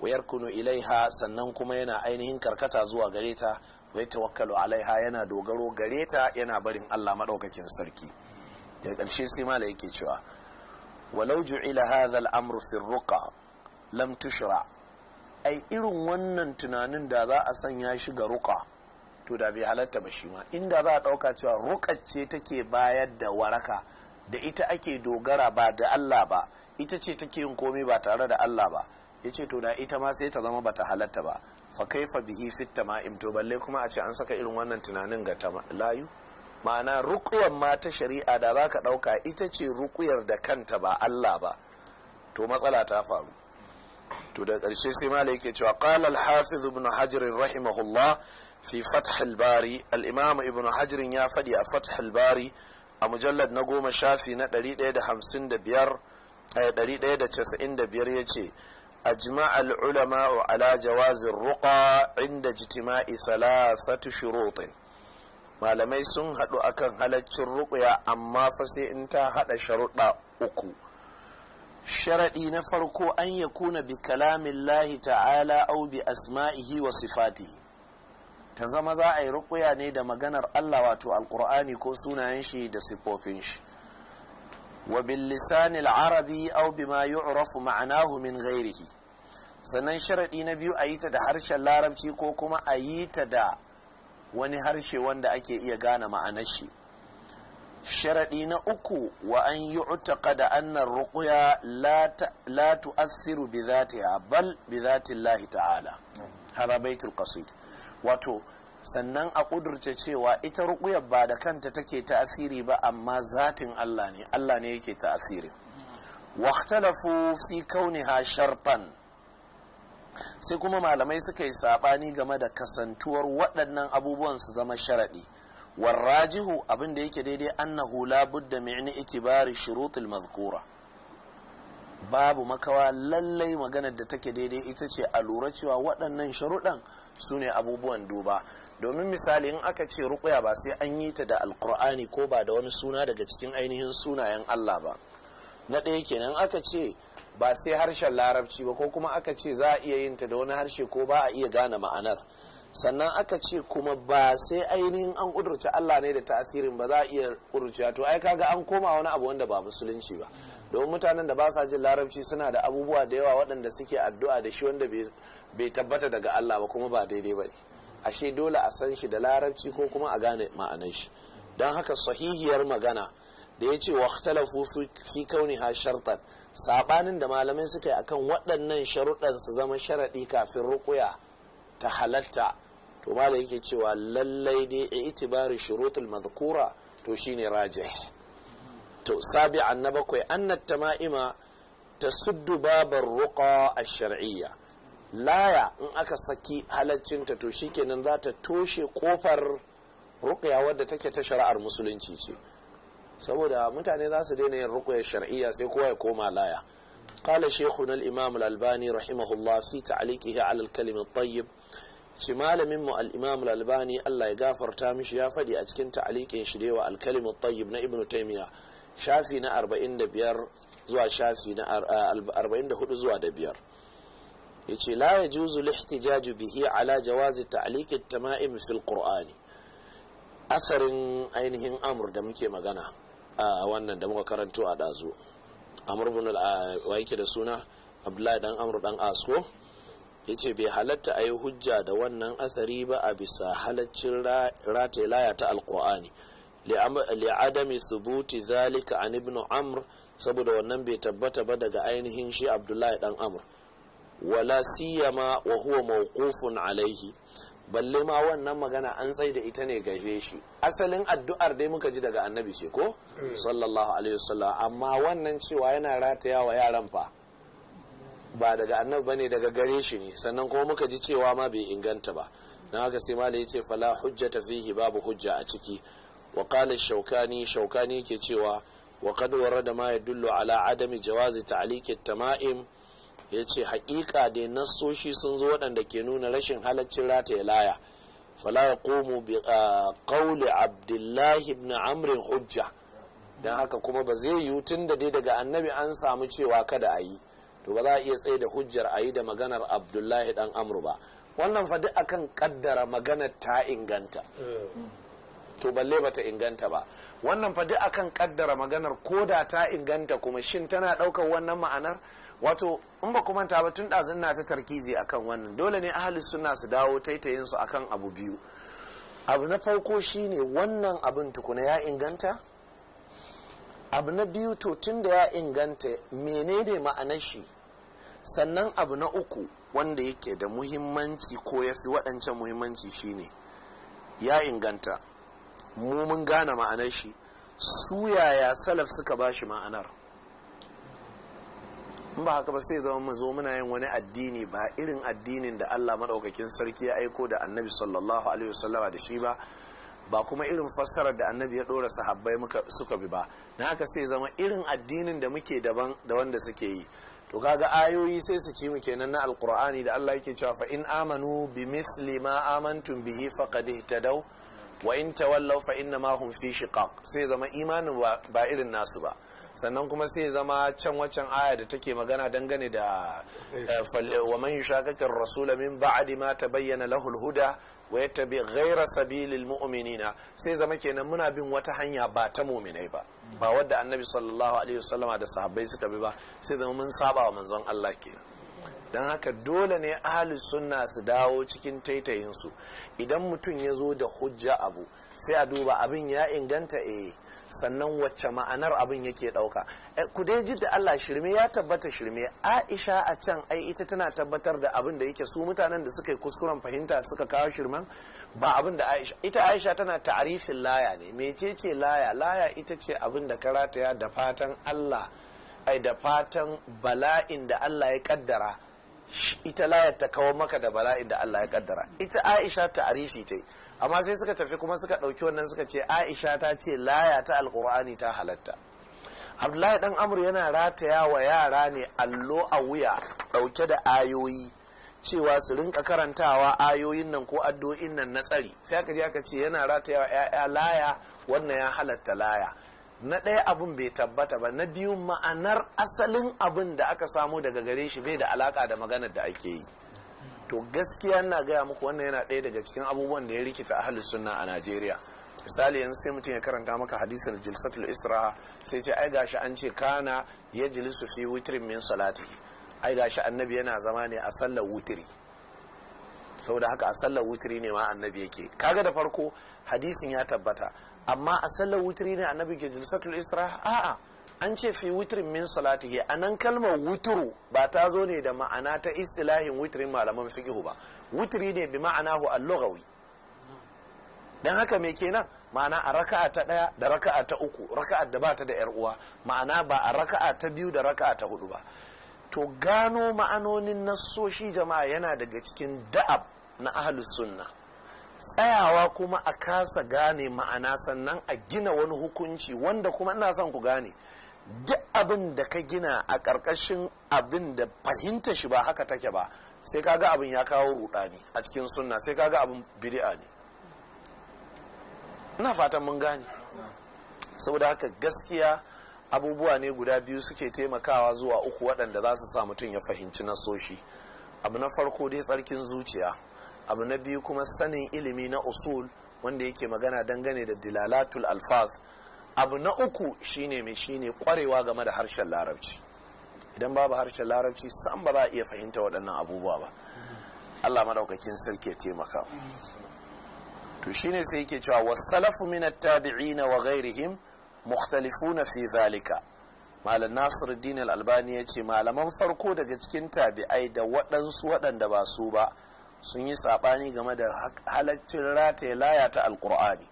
wayar kunu ilaiha sannan kuma yana ainihin karkata zuwa gare ta wai tawakkalu alaiha yana dogaro gare ta yana barin Allah maɗaukakin sarki daga ƙarshe sai mala yake cewa walau ju'ila hadha al-amru fi ruqa lam tushra ai irin wannan tunanin da za a sanya shi ga ruqa to da bai halatta ba shi ma inda za a dauka cewa ruka ce take bayar da waraka da ita ake dogara ba da Allah ba ita ce take yin komai ba tare da Allah ba ya ce to da ita ma sai ta zama bata halatta ba fa kaifa bihi fitta ma to balle kuma a ce an saka irin wannan tunanin ga layu ma'ana rukuyar ma ta shari'a da za ka ɗauka ita ce rukuyar da kanta ba Allah ba to matsala ta faru to da ƙarshe sai mala yake cewa qala al-hafiz ibn hajar rahimahullah fi fath al-bari al-imam ibn hajar ya faɗi a fath al-bari a mujallar na goma shafi na 155 195 yace A أجمع العلماء على جواز الرقى عند اجتماع ثلاثة شروط malamai sun haɗu akan halaccin ruƙuya amma fa sai in ta haɗa sharuɗa uku sharaɗi na farko an ya kuna bi kalamin lahi ta'ala au bi asma'ihi wa ta zama za a yi ne da maganar allah wato alƙur'ani ko sunayen shi da siffofin shi wa bil lisanil arabi aw bima yu'rafu ma'anahu min ghairihi sannan sharaɗi na biyu a yi ta da harshen larabci ko kuma a yi ta da wani harshe wanda ake iya gane ma'anar shi sharaɗi na uku wa an yi utaka da annan ruƙuya la tu'assiru bi zatiha bal bi ta'ala harabaitul qasid wato sannan a ƙudurce cewa ita ruƙuyar ba da kanta take ta'asiri ba amma zatin Allah ne Allah ne yake ta'asiri waktalafu fi kauniha shartan sai kuma malamai suka yi saɓani game da kasantuwar waɗannan abubuwan su zama sharaɗi warrajihu abin da yake daidai annahu la budda mi'ni itibari shurutul mazkura babu makawa lallai maganar da take daidai ita ce a lura cewa waɗannan sharuɗan su ne abubuwan duba domin misali in aka ce rukuya ba sai an yi ta da alkur'ani ko ba da wani suna daga cikin ainihin sunayen allah ba na ɗaya kenan aka ce ba sai harshen larabci ba ko kuma aka ce za a iya yin ta da wani harshe ko ba a iya gane ma'anar sannan aka ce kuma ba sai ainihin an ƙudurci Allah ne da ta'asirin ba za a iya ƙudurci to ai kaga an koma wani abu wanda ba musulunci ba domin mutanen da ba sa jin larabci suna da abubuwa da yawa waɗanda suke addu'a da shi wanda bai tabbata daga Allah ba kuma ba daidai ba ne ashe dole a san shi da larabci ko kuma a gane ma'anar shi don haka sahihiyar magana da ya ce waktalafu fi kauni ha shartar sabanin da malamai suka yi akan waɗannan sharuɗan su zama sharaɗi kafin rukuya ta halatta to malam yake cewa lallai dai a itibari shurutul mazkura to shine rajih to sabi'an na bakwai annat tama'ima suddu babar ruqa ash-shar'iyya laya in aka saki halaccinta to shi kenan za ta toshe kofar rukuya wadda take ta shari'ar musulunci ce saboda mutane za su daina yin rukuya shari'a sai kowa ya koma laya kala shehu na al’imam al’albani rahimahullah fi ta alikihi al’alkalimin tayyib ci malamin mu al’imam albani Allah ya gafarta mishi ya fadi a cikin ta alikin shi dewa al’alkalimin tayyib na ibn taimiyya shafi na 45 zuwa biyar. yace la ya yajuzu lihtijaju bihi ala jawazi ta'liq at-tama'im fil qur'ani asarin ainihin amur da muke magana a wannan da muka karanto a dazu amur ibn wa yake da suna abdullahi dan amur dan asko yace bai halatta a yi hujja da wannan asari ba a bisa halaccin rataye laya ta alqur'ani li'adami subuti zalika an ibn amr saboda wannan bai tabbata ba daga ainihin shi abdullahi dan amr wala siyama wa huwa mawqufun alaihi balle ma wannan magana an tsai da ita ne gaje shi asalin addu'ar dai muka ji daga annabi ce ko mm. sallallahu alaihi wasallam amma wannan cewa yana rataya wa yaran fa ba daga annabi bane daga gare shi ne sannan kuma muka ji cewa ma bai inganta ba Na haka sai malai ce fala hujjata fihi babu hujja a ciki wa qala shaukani shaukani ke cewa wa qad warada ma yadullu ala adami jawazi ta'liqi tama'im ya ce haƙiƙa dai nassoshi sun zo waɗanda ke nuna rashin halaccin rata ya laya fala ya komo bi ƙauli abdullahi ibn amrin hujja don haka kuma ba zai yiwu tun da dai daga annabi an samu cewa kada a yi to ba za a iya tsaye da hujjar a yi da maganar abdullahi dan amru ba wannan fa duk akan kaddara maganar ta inganta eh. to balle bata inganta ba wannan fa duk akan kaddara maganar koda ta inganta kuma shin tana daukar wannan ma'anar wato in ba kuma ta ba tun ɗazun na ta tarkizi akan wannan dole ne ahli sunna su dawo taitayin su akan abu biyu abu na farko shine wannan abin tukuna ya inganta abu na biyu to tun da ya inganta menene ma'anar shi sannan abu na uku wanda yake da muhimmanci ko ya fi waɗancan muhimmanci shine ya inganta mu mun gane ma'anar shi su yaya salaf suka ba shi ma'anar in ba haka ba sai zama mu zo muna yin wani addini ba irin addinin da Allah maɗaukakin sarki ya aiko da annabi sallallahu alaihi wasallama da shi ba ba kuma irin fassarar da annabi ya ɗora sahabbai suka bi ba na haka sai zama irin addinin da muke daban da wanda suke yi to kaga ayoyi sai su ci mu kenan na alqur'ani da Allah yake cewa fa in amanu bi misli ma amantum bihi faqad ihtadaw wa in tawallaw fa inna ma hum fi shiqaq sai zama imanin ba irin nasu ba sannan kuma sai zama can waccan aya da take magana dangane da eh, eh, wa man yushaqiqir rasula min ba'di ma tabayyana lahu al-huda wa yattabi ghayra sabilil mu'minina sai zama kenan muna bin wata hanya ba ta mu'minai ba ba wadda annabi sallallahu alaihi wasallama da sahabbai suka bi ba sai zama mun saba wa manzon Allah kenan don haka dole ne ahli sunna su dawo cikin taitayinsu idan mutum ya zo da hujja abu sai a duba abin ya inganta eh sannan wacce ma'anar abin yake ɗauka eh, ku dai ji da Allah shirme ya tabbata shirme Aisha a can ai ita tana tabbatar da abin da yake su mutanen da suka yi kuskuren fahimta suka kawo shirman ba abin da Aisha ita Aisha tana ta'arifin laya ne mecece laya laya ita ce abin da karataya da fatan Allah ai da fatan bala'in da Allah ya kaddara ita layar ta kawo maka da bala'in da Allah ya kaddara ita Aisha ta arifi ta yi amma sai suka tafi kuma suka ɗauki wannan suka ce Aisha ta ce laya ta alkur'ani ta halatta Abdullahi dan Amr yana rataya wa yara ne allo a wuya ɗauke da ayoyi cewa su rinka karantawa ayoyin nan ko addu'o'in nan na tsari sai aka je aka ce yana rataya wa 'ya'ya laya wannan ya halatta laya na ɗaya abun bai tabbata ba na biyu ma'anar asalin abin da aka samu daga gare shi bai da alaka da maganar da ake yi to gaskiya na gaya muku wannan yana ɗaya daga cikin abubuwan da ya rikita ahli sunna a najeriya misali yanzu sai mutum ya karanta maka hadisin jilsatul isra sai ce ai gashi an ce kana ya jilisu fi witrin min salati ai gashi annabi yana zama ne a sallar wutiri saboda haka a sallar wutiri ne ma annabi yake kaga da farko hadisin ya tabbata amma a sallar wutri ne annabi ke jilsatul isra a'a an ce fi wutrin min salatihi anan kalmar wuturu ba ta zo ne da ma'ana ta istilahin wutrin malaman fiqhu ba wuturi ne bi ma'anahu al-lughawi dan haka me kenan ma'ana a raka'a ta daya da raka'a ta uku raka'a da bata da yar uwa ma'ana ba a raka'a ta biyu da raka'a ta hudu ba to gano ma'anonin nassoshi jama'a yana daga cikin da'ab na ahlus sunna tsayawa kuma a kasa gane ma'ana sannan a gina wani hukunci wanda kuma ina son ku gane duk abin da ka gina a ƙarƙashin abin da fahimta shi ba haka take ba sai kaga abin ya kawo rudani a cikin sunna sai kaga abin bid'a ne ina fatan mun gane saboda haka gaskiya abubuwa ne guda biyu suke taimakawa zuwa uku waɗanda za su sa mutum ya fahimci nasoshi abu na farko dai tsarkin zuciya abu na biyu kuma sanin ilimi na usul wanda yake magana dangane da dilalatul alfaz abu na uku shine mai shine kwarewa game da harshen larabci idan babu harshen larabci san ba za a iya fahimta waɗannan abubuwa ba allah maɗaukakin sarki ya taimaka to shine sai yake cewa wasalafu min at-tabi'ina wa ghairihim mukhtalifuna fi zalika malam nasiruddin al-albani ya ce malaman farko daga cikin tabi'ai da waɗansu waɗanda ba su ba sun yi saɓani game da halaccin rataye laya ta alkur'ani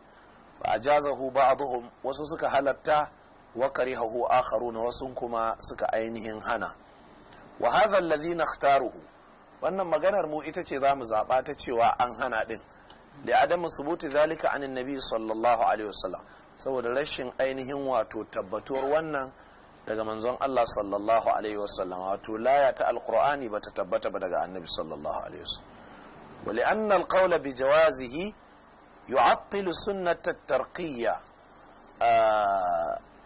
fa ajazahu ba'dhum wasu suka halatta wa karihahu na wasu kuma suka ainihin hana wa hadha alladhi nakhtaruhu wannan maganar mu ita ce zamu zaba ta cewa an hana din da adam subuti zalika anin nabi sallallahu alaihi wasallam saboda rashin ainihin wato tabbatuwar wannan daga manzon Allah sallallahu alaihi wasallam wato laya ta alqur'ani bata tabbata ba daga annabi sallallahu alaihi wasallam ولأن القول بجوازه يعطل سنة الترقية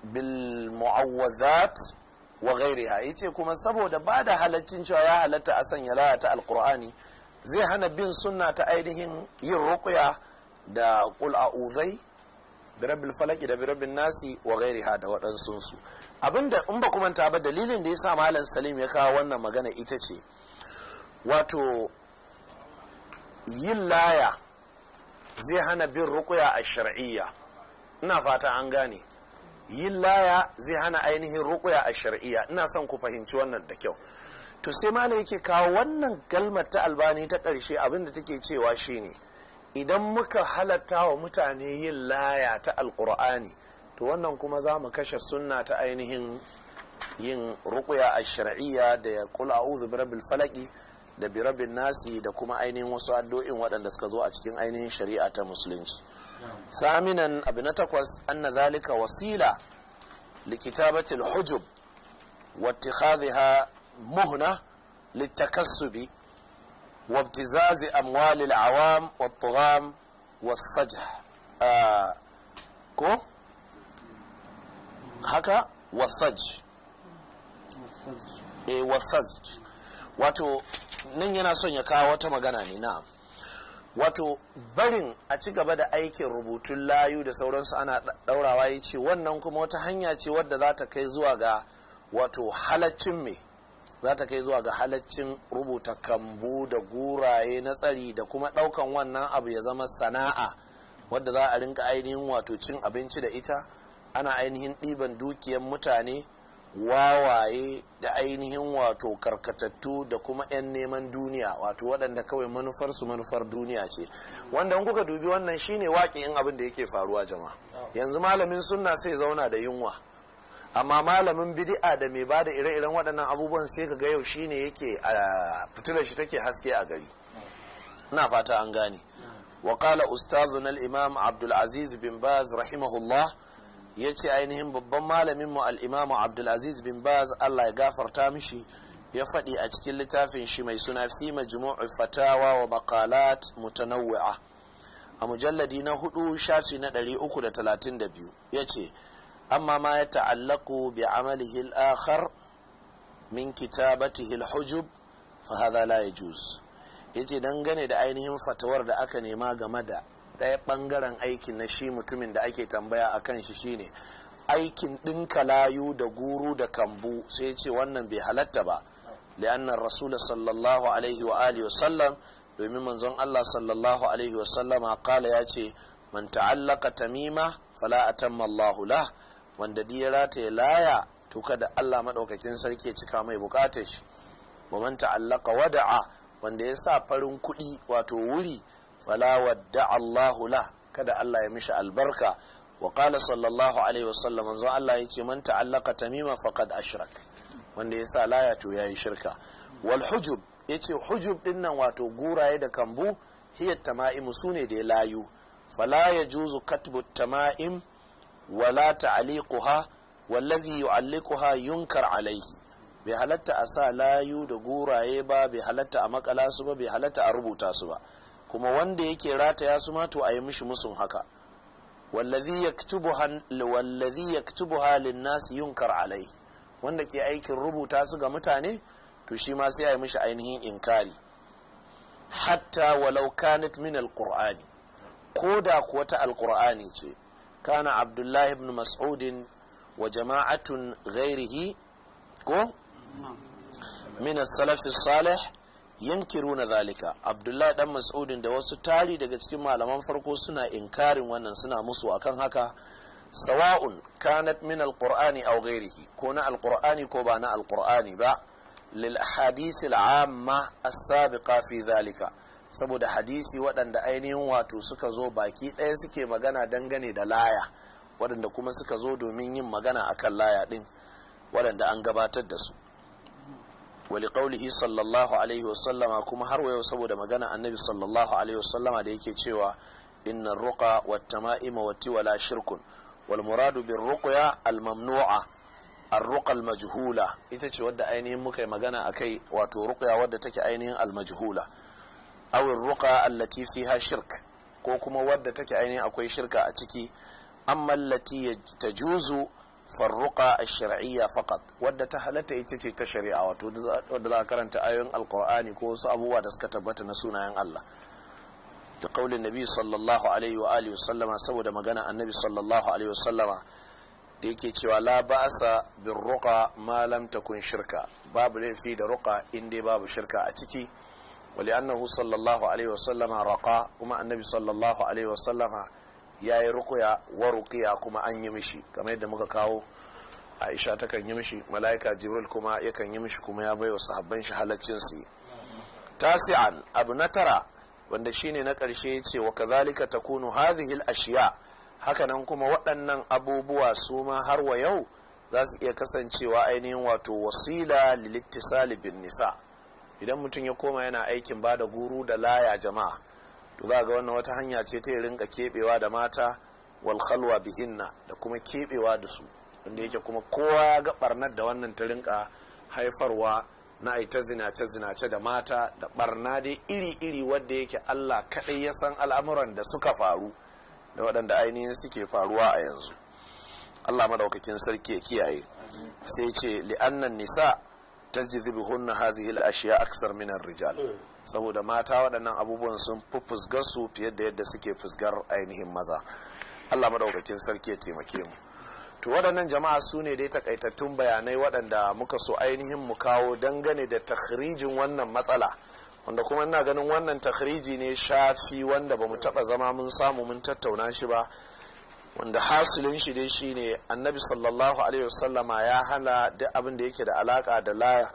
بالمعوذات وغيرها yace kuma saboda ba da halaccin cewa ya halatta a sanya laya ta alkur'ani zai hana bin sunna ta ainihin yin ruqya da qul a'udhai bi rabbil falaki da bi rabbin nasi wa da waɗansu su abinda in ba kuma ta ba dalilin da yasa malam salim ya kawo wannan magana ita ce wato yin laya zai hana bin rukuya a shar'iyya ina fata an gane yin laya zai hana ainihin rukuya a shar'iyya ina son ku fahimci wannan da kyau to sai malam yake kawo wannan kalmar ta albani ta ƙarshe abinda take cewa shine idan muka halatta wa mutane yin laya ta alƙur'ani to wannan kuma za mu kashe sunna ta ainihin yin rukuya a shar'iyya da ya kula a'udhu birabbil falaki da birabin nasi da kuma ainihin wasu addu'in waɗanda suka zo a cikin ainihin shari'a ta musulunci saminan abu na takwas anna zalika wasila likitabatil hujub واتخاذها muhna littakassubi وابتزاز أموال العوام والطغام والسجح آه كو هكا والسج إيه Wato. nan yana son ya kawo wata magana ne na wato barin a ci gaba da aikin rubutun layu da sauransu ana daurawa ya ce wannan kuma wata hanya ce wadda za ta kai zuwa ga wato halaccin me za ta kai zuwa ga halaccin rubuta kambu da guraye na tsari da kuma daukan wannan abu ya zama sana'a wadda za a rinka ainihin wato cin abinci da ita ana ainihin ɗiban dukiyan mutane wawaye da ainihin wato karkatattu da kuma 'yan neman duniya wato waɗanda kawai manufarsu manufar duniya ce wanda kuka dubi wannan shine waƙi in abin da yake faruwa jama'a yanzu malamin sunna sai zauna da yunwa amma malamin bidi'a da mai ba da ire-iren waɗannan abubuwan sai ka ga yau shine yake a fitilar shi take haske a gari na fata an gane Wakala أستاذنا الإمام Imam Abdulaziz Bin bin rahimahullah. rahimahullah ya ce ainihin babban malamin malaminmu al'imamu abdulaziz bin baz allah ya gafarta mishi ya faɗi a cikin littafin shi mai suna fi majmu'u fatawa wa maqalat mutanawwi'a a mujalladi na hudu shafi na 332 ya ce amma ma ya ta'allaku bi amalihi akhar min kitabatihi hil hujub fa hadha la yajuz yace dangane da ainihin fatawar da aka nema game da ɗaya ɓangaren aikin na shi mutumin da ake tambaya a kan shi shine aikin ɗinka layu da guru da kambu sai ce wannan bai halatta ba li'annan rasula sallallahu alaihi wa alihi wasallam domin manzon Allah sallallahu alaihi wasallama kala ya ce man ta'allaka tamima fala atamma Allahu lah wanda diyara ta laya tuka da Allah madaukakin sarki ya cika mai bukatar shi wa man ta'allaka wada'a wanda ya sa farin kuɗi wato wuri fala wadda Allahu la kada Allah ya mishi albarka wa qala sallallahu alaihi wasallam manzo Allah yace man ta'allaka tamima faqad ashrak wanda yasa laya to yayi shirka wal hujub yace hujub din nan wato guraye da kambu hiya tama'imu sune da layu fala yajuzu katbu tama'im wala ta'liquha wallazi yu'alliquha yunkar alaihi bai halatta a sa layu da guraye ba bai halatta a makala su ba bai halatta a rubuta su ba kuma wanda yake rataya su mato to a yi mishi musun haka wallazi halin linnas yunkar alai wanda ke aikin rubuta su ga mutane to shi ma sai a yi mishi ainihin inkari hatta walau kanat min alqur'ani ko da kuwa ta alqur'ani ce kana abdullahi ibn mas'udin wa jama'atun gairihi ko min as-salaf salih yankiruna zalika abdullah dan mas'udin da wasu tari daga cikin malaman farko suna inkarin wannan suna musu akan haka sawa'un kanat min alqur'ani aw ghairihi ko na alqur'ani ko ba na alqur'ani ba lil ahadith al'amma amma as-sabiqa fi zalika saboda hadisi waɗanda ainihin wato suka zo baki ɗaya suke magana dangane da laya waɗanda kuma suka zo domin yin magana akan laya ɗin waɗanda an gabatar da su wali qaulihi sallallahu alaihi wasallama kuma har wayo saboda magana annabi sallallahu alaihi wasallama da yake cewa inna ruqa wat tama'ima wat shirkun wal muradu bir ruqya al mamnu'a ar ruqa al majhula ita ce wadda ainihin muka magana akai wato ruqya wadda take ainihin al majhula aw ar ruqa allati fiha shirk ko kuma wadda take ainihin akwai shirka a ciki amma allati tajuzu farruqa ash-shar'iyya faqat wadda ta halatta ita ce ta shari'a wato wadda za a karanta ayoyin alqur'ani ko wasu abubuwa da suka tabbata na sunayen Allah da kaulin nabi sallallahu alaihi wa alihi sallama saboda magana annabi sallallahu alaihi wa sallama da yake cewa la ba'sa bin ruqa ma lam takun shirka babu laifi da ruqa in dai babu shirka a ciki wali annahu sallallahu alaihi wa sallama raqa kuma annabi sallallahu alaihi wa sallama ya yi rukuya wa rukiya kuma an yi mishi kamar yadda muka kawo aisha ta kan yi mishi mala'ika jibril kuma yakan yi mishi kuma ya baiwa sahabban shi halaccin su tasi'an abu na tara wanda shine na ƙarshe ya ce wa kazalika takunu hadhihi al-ashiya hakanan kuma waɗannan abubuwa su ma har wa yau za su iya kasancewa ainihin wato wasila lilittisali bin nisa idan mutum ya koma yana aikin ba da guru da laya jama'a to za ga wannan wata hanya ce ta rinka keɓewa da mata wal khalwa bihinna da kuma keɓewa da su inda yake kuma kowa ya ga barnar da wannan ta rinka haifarwa na aita zinace zinace da mata da barna dai iri iri wadda yake Allah kaɗai ya san al'amuran da suka faru da waɗanda ainihin suke faruwa a yanzu Allah madaukakin sarki ya kiyaye sai ce li'annan nisa tajzibuhunna hadhihi al-ashya aksar min ar-rijal saboda mata waɗannan abubuwan sun fi fusgar su fiye da yadda suke fusgar ainihin maza allah madaukakin sarki ya taimake mu to waɗannan jama'a su ne dai takaitattun bayanai waɗanda muka so ainihin mu kawo dangane da takhrijin wannan matsala wanda kuma ina ganin wannan takhriji ne shafi wanda ba mu taɓa zama mun samu mun tattauna shi ba wanda hasulin shi dai shine annabi sallallahu alaihi wasallama ya hana duk abin da yake da alaka da laya.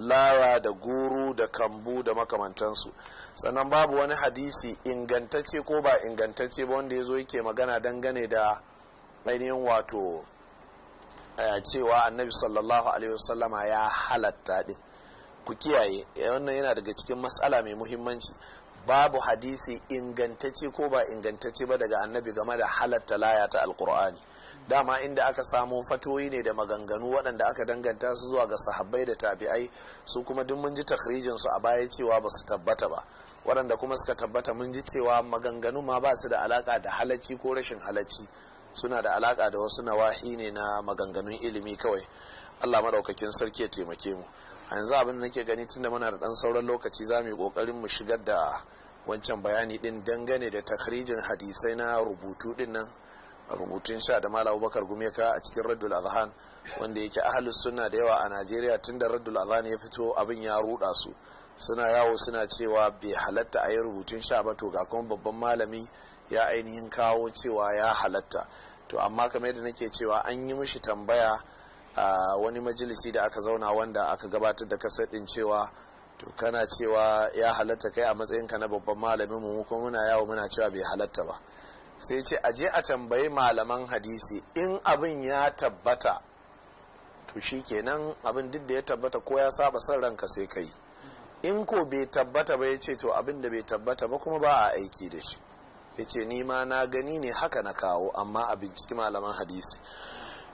laya da guru da kambu da makamantansu sannan babu wani hadisi ingantacce ko ba ingantacce ba wanda ya zo yake magana dangane da ainihin wato eh, cewa annabi sallallahu alaihi wasallama ya halatta ɗin ku kiyaye eh, wannan yana daga cikin matsala mai muhimmanci babu hadisi ingantacce ko ba ingantacce ba daga annabi game da halatta laya ta alkur'ani dama inda aka samo fatoyi ne da maganganu waɗanda aka danganta su zuwa ga sahabbai da tabi'ai su kuma duk mun ji takhrijin su a baya cewa ba su tabbata ba waɗanda kuma suka tabbata mun ji cewa maganganu ma ba su da alaka da halacci ko rashin halacci suna da alaka da wasu nawahi ne na maganganun ilimi kawai Allah madaukakin sarki ya taimake mu a yanzu abin da nake gani tunda muna da dan sauran lokaci za mu yi kokarin mu shigar da wancan bayani din dangane da takhrijin hadisai na rubutu ɗin nan A rubutun sha da malam abubakar gumeka a cikin raddul azhan wanda yake ahalus sunna da yawa a najeriya tun da raddul azhan ya fito abin ya ruda su suna yawo suna cewa bai halatta a yi rubutun sha ba to ga kuma babban malami ya ainihin kawo cewa ya halatta to amma kamar yadda nake cewa an yi mishi tambaya a wani majalisi da aka zauna wanda aka gabatar da kasadin cewa to kana cewa ya halatta kai a matsayinka na babban malamin mu kuma muna yawo muna cewa bai halatta ba sai ce aje a tambayi malaman hadisi in abin ya tabbata to shi kenan abin duk da ya tabbata ko ya saba san ranka sai ka yi in ko bai tabbata ba ya ce to abin da bai tabbata ba kuma ba a aiki da shi ya ce ni na gani ne haka na kawo amma a binciki malaman hadisi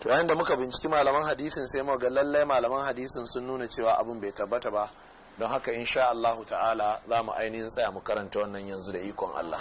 to yayin da muka binciki malaman hadisin sai muka lallai malaman hadisin sun nuna cewa abin bai tabbata ba don haka insha Allahu ta'ala za mu ainihin tsaya mu karanta wannan yanzu da ikon Allah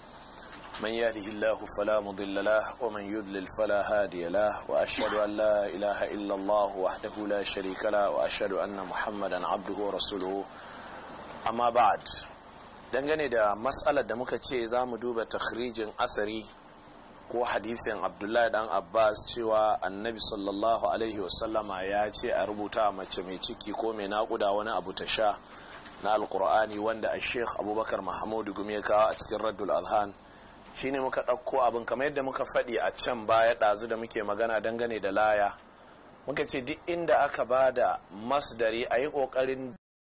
من يهده الله فلا مضل له ومن يضلل فلا هادي له وأشهد أن لا إله إلا الله وحده لا شريك له وأشهد أن محمدا عبده ورسوله أما بعد dangane da matsalar da muka ce za mu duba takhrijin asari ko hadisin abdullahi dan abbas cewa annabi sallallahu alaihi wasallama ya ce a rubuta mace mai ciki ko mai nakuda wani abu ta sha na alkur'ani wanda a sheikh abubakar mahamudu gumi ya kawo a cikin raddul alhan shine muka ɗauko abin kamar yadda muka faɗi a can baya ɗazu da muke magana dangane da laya muka ce duk inda aka ba da masdari a yi ƙoƙarin